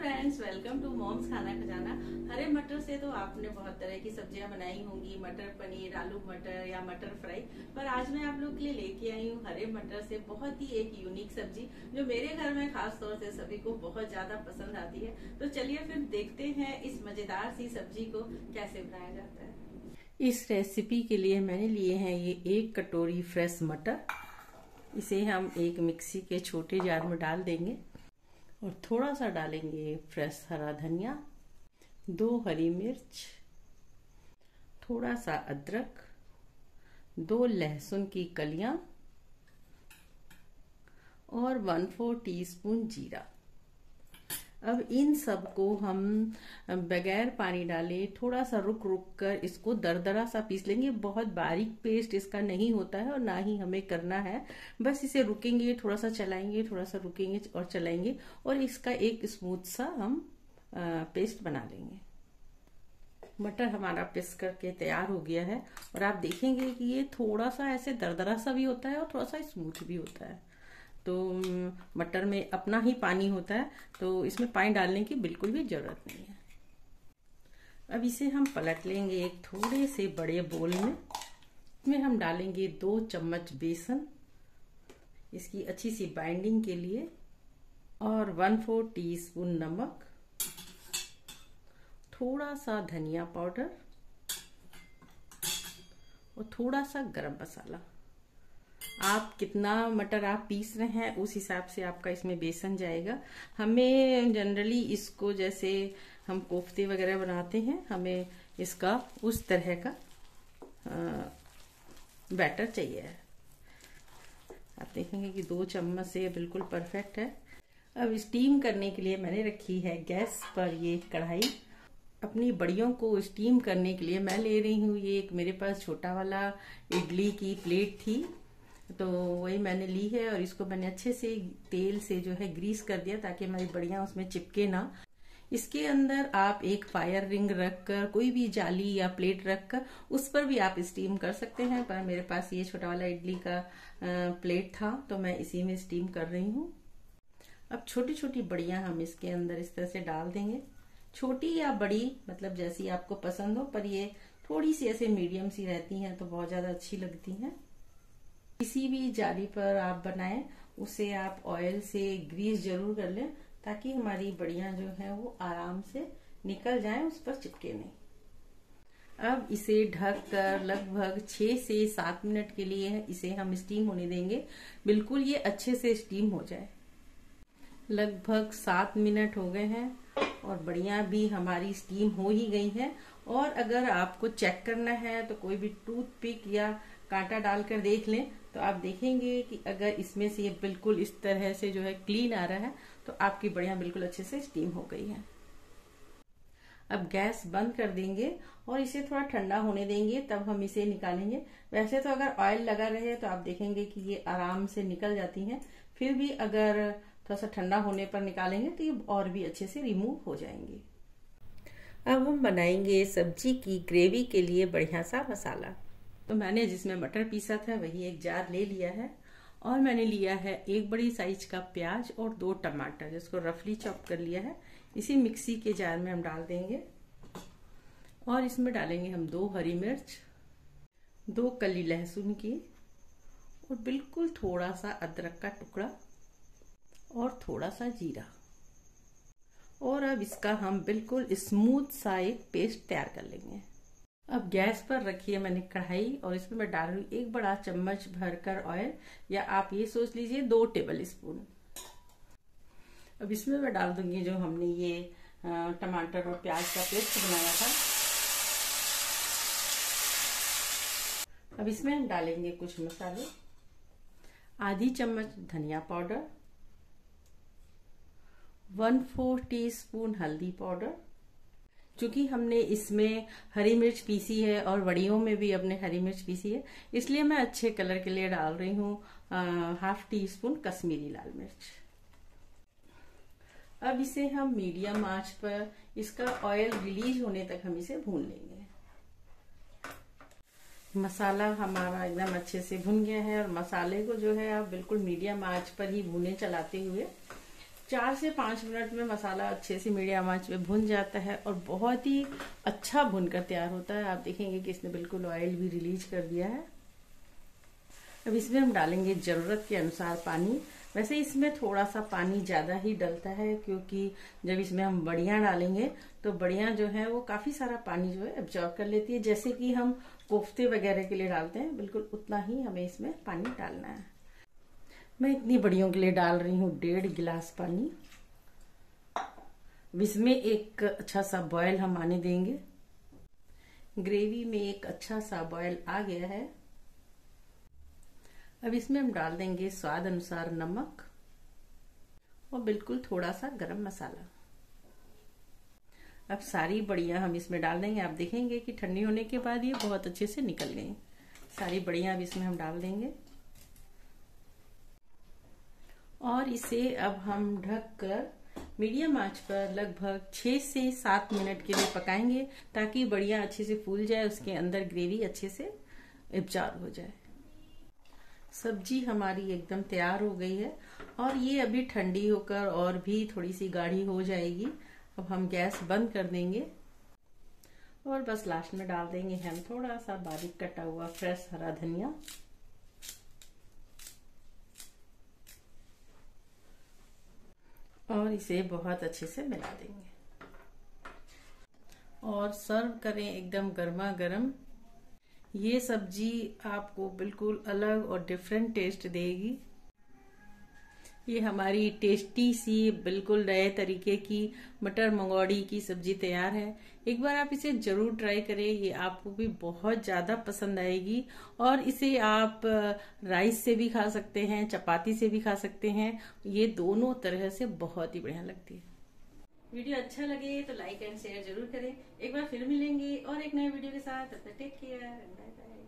friends welcome to mom's खाना खजाना हरे मटर से तो आपने बहुत तरह की सब्जियां बनाई होंगी मटर पनीर आलू मटर या मटर फ्राई पर आज मैं आप लोग के लिए लेके आई हूँ हरे मटर से बहुत ही एक यूनिक सब्जी जो मेरे घर में खास तौर से सभी को बहुत ज्यादा पसंद आती है तो चलिए फिर देखते हैं इस मजेदार सी सब्जी को कैसे बनाया जाता है इस रेसिपी के लिए मैंने लिए है ये एक कटोरी फ्रेश मटर इसे हम एक मिक्सी के छोटे जार में डाल देंगे और थोड़ा सा डालेंगे फ्रेश हरा धनिया दो हरी मिर्च थोड़ा सा अदरक दो लहसुन की कलियां और वन फोर टीस्पून जीरा अब इन सब को हम बगैर पानी डाले थोड़ा सा रुक रुक कर इसको दरदरा सा पीस लेंगे बहुत बारीक पेस्ट इसका नहीं होता है और ना ही हमें करना है बस इसे रुकेंगे थोड़ा सा चलाएंगे थोड़ा सा रुकेंगे और चलाएंगे और इसका एक स्मूथ सा हम पेस्ट बना लेंगे मटर हमारा पिस करके तैयार हो गया है और आप देखेंगे कि ये थोड़ा सा ऐसे दरदरा सा भी होता है और थोड़ा सा स्मूथ भी होता है तो मटर में अपना ही पानी होता है तो इसमें पानी डालने की बिल्कुल भी ज़रूरत नहीं है अब इसे हम पलट लेंगे एक थोड़े से बड़े बोल में इसमें हम डालेंगे दो चम्मच बेसन इसकी अच्छी सी बाइंडिंग के लिए और वन फोर टी स्पून नमक थोड़ा सा धनिया पाउडर और थोड़ा सा गरम मसाला आप कितना मटर आप पीस रहे हैं उस हिसाब से आपका इसमें बेसन जाएगा हमें जनरली इसको जैसे हम कोफ्ते वगैरह बनाते हैं हमें इसका उस तरह का बैटर चाहिए है आप देखेंगे कि दो चम्मच से ये बिल्कुल परफेक्ट है अब स्टीम करने के लिए मैंने रखी है गैस पर ये कढ़ाई अपनी बड़ियों को स्टीम करने के लिए मैं ले रही हूँ ये एक मेरे पास छोटा वाला इडली की प्लेट थी तो वही मैंने ली है और इसको मैंने अच्छे से तेल से जो है ग्रीस कर दिया ताकि हमारी बढ़िया उसमें चिपके ना इसके अंदर आप एक फायर रिंग रख कर कोई भी जाली या प्लेट रख कर उस पर भी आप स्टीम कर सकते हैं पर मेरे पास ये छोटा वाला इडली का प्लेट था तो मैं इसी में स्टीम कर रही हूँ अब छोटी छोटी बड़ियाँ हम इसके अंदर इस तरह से डाल देंगे छोटी या बड़ी मतलब जैसी आपको पसंद हो पर ये थोड़ी सी ऐसे मीडियम सी रहती हैं तो बहुत ज़्यादा अच्छी लगती हैं किसी भी जाली पर आप बनाएं उसे आप ऑयल से ग्रीस जरूर कर लें ताकि हमारी बढ़िया जो है वो आराम से निकल जाए उस पर चिपके नहीं अब इसे ढक कर लगभग छह से सात मिनट के लिए इसे हम स्टीम होने देंगे बिल्कुल ये अच्छे से स्टीम हो जाए लगभग सात मिनट हो गए हैं और बढ़िया भी हमारी स्टीम हो ही गई है और अगर आपको चेक करना है तो कोई भी टूथपिक या कांटा डालकर देख लें तो आप देखेंगे कि अगर इसमें से ये बिल्कुल इस तरह से जो है क्लीन आ रहा है तो आपकी बढ़िया बिल्कुल अच्छे से स्टीम हो गई है अब गैस बंद कर देंगे और इसे थोड़ा ठंडा होने देंगे तब हम इसे निकालेंगे वैसे तो अगर ऑयल लगा रहे तो आप देखेंगे कि ये आराम से निकल जाती हैं फिर भी अगर थोड़ा सा ठंडा होने पर निकालेंगे तो ये और भी अच्छे से रिमूव हो जाएंगे अब हम बनाएंगे सब्जी की ग्रेवी के लिए बढ़िया सा मसाला तो मैंने जिसमें मटर पीसा था वही एक जार ले लिया है और मैंने लिया है एक बड़ी साइज का प्याज और दो टमाटर जिसको रफली चॉप कर लिया है इसी मिक्सी के जार में हम डाल देंगे और इसमें डालेंगे हम दो हरी मिर्च दो कली लहसुन की और बिल्कुल थोड़ा सा अदरक का टुकड़ा और थोड़ा सा जीरा और अब इसका हम बिल्कुल स्मूथ सा एक पेस्ट तैयार कर लेंगे अब गैस पर रखी है मैंने कढ़ाई और इसमें मैं डाल रही हूँ एक बड़ा चम्मच भरकर ऑयल या आप ये सोच लीजिए दो टेबल स्पून अब इसमें मैं डाल दूंगी जो हमने ये टमाटर और प्याज का पेस्ट बनाया था अब इसमें हम डालेंगे कुछ मसाले आधी चम्मच धनिया पाउडर वन फोर टीस्पून हल्दी पाउडर चूंकि हमने इसमें हरी मिर्च पीसी है और वड़ियों में भी अपने हरी मिर्च पीसी है इसलिए मैं अच्छे कलर के लिए डाल रही हूँ हाफ टी स्पून कश्मीरी लाल मिर्च अब इसे हम मीडियम आंच पर इसका ऑयल रिलीज होने तक हम इसे भून लेंगे मसाला हमारा एकदम अच्छे से भुन गया है और मसाले को जो है आप बिल्कुल मीडियम आंच पर ही भूने चलाते हुए चार से पाँच मिनट में मसाला अच्छे से मीडियम आंच पे भुन जाता है और बहुत ही अच्छा भुन कर तैयार होता है आप देखेंगे कि इसने बिल्कुल ऑयल भी रिलीज कर दिया है अब इसमें हम डालेंगे ज़रूरत के अनुसार पानी वैसे इसमें थोड़ा सा पानी ज़्यादा ही डलता है क्योंकि जब इसमें हम बढ़िया डालेंगे तो बढ़िया जो है वो काफ़ी सारा पानी जो है एब्जॉर्व कर लेती है जैसे कि हम कोफ्ते वगैरह के लिए डालते हैं बिल्कुल उतना ही हमें इसमें पानी डालना है मैं इतनी बड़ियों के लिए डाल रही हूँ डेढ़ गिलास पानी अब इसमें एक अच्छा सा बॉयल हम आने देंगे ग्रेवी में एक अच्छा सा बॉयल आ गया है अब इसमें हम डाल देंगे स्वाद अनुसार नमक और बिल्कुल थोड़ा सा गरम मसाला अब सारी बढ़िया हम इसमें डाल देंगे आप देखेंगे कि ठंडी होने के बाद ये बहुत अच्छे से निकल गई सारी बढ़िया अब इसमें हम डाल देंगे और इसे अब हम ढक कर मीडियम आंच पर लगभग छः से सात मिनट के लिए पकाएंगे ताकि बढ़िया अच्छे से फूल जाए उसके अंदर ग्रेवी अच्छे से इब्जार हो जाए सब्जी हमारी एकदम तैयार हो गई है और ये अभी ठंडी होकर और भी थोड़ी सी गाढ़ी हो जाएगी अब हम गैस बंद कर देंगे और बस लास्ट में डाल देंगे हम थोड़ा सा बारीक कटा हुआ फ्रेश हरा धनिया और इसे बहुत अच्छे से मिला देंगे और सर्व करें एकदम गर्मा गर्म ये सब्जी आपको बिल्कुल अलग और डिफरेंट टेस्ट देगी ये हमारी टेस्टी सी बिल्कुल नए तरीके की मटर मंगोड़ी की सब्जी तैयार है एक बार आप इसे जरूर ट्राई करें ये आपको भी बहुत ज़्यादा पसंद आएगी और इसे आप राइस से भी खा सकते हैं चपाती से भी खा सकते हैं ये दोनों तरह से बहुत ही बढ़िया लगती है वीडियो अच्छा लगे तो लाइक एंड शेयर जरूर करें एक बार फिर मिलेंगे और एक नए वीडियो के साथ टेक केयर बाय बाय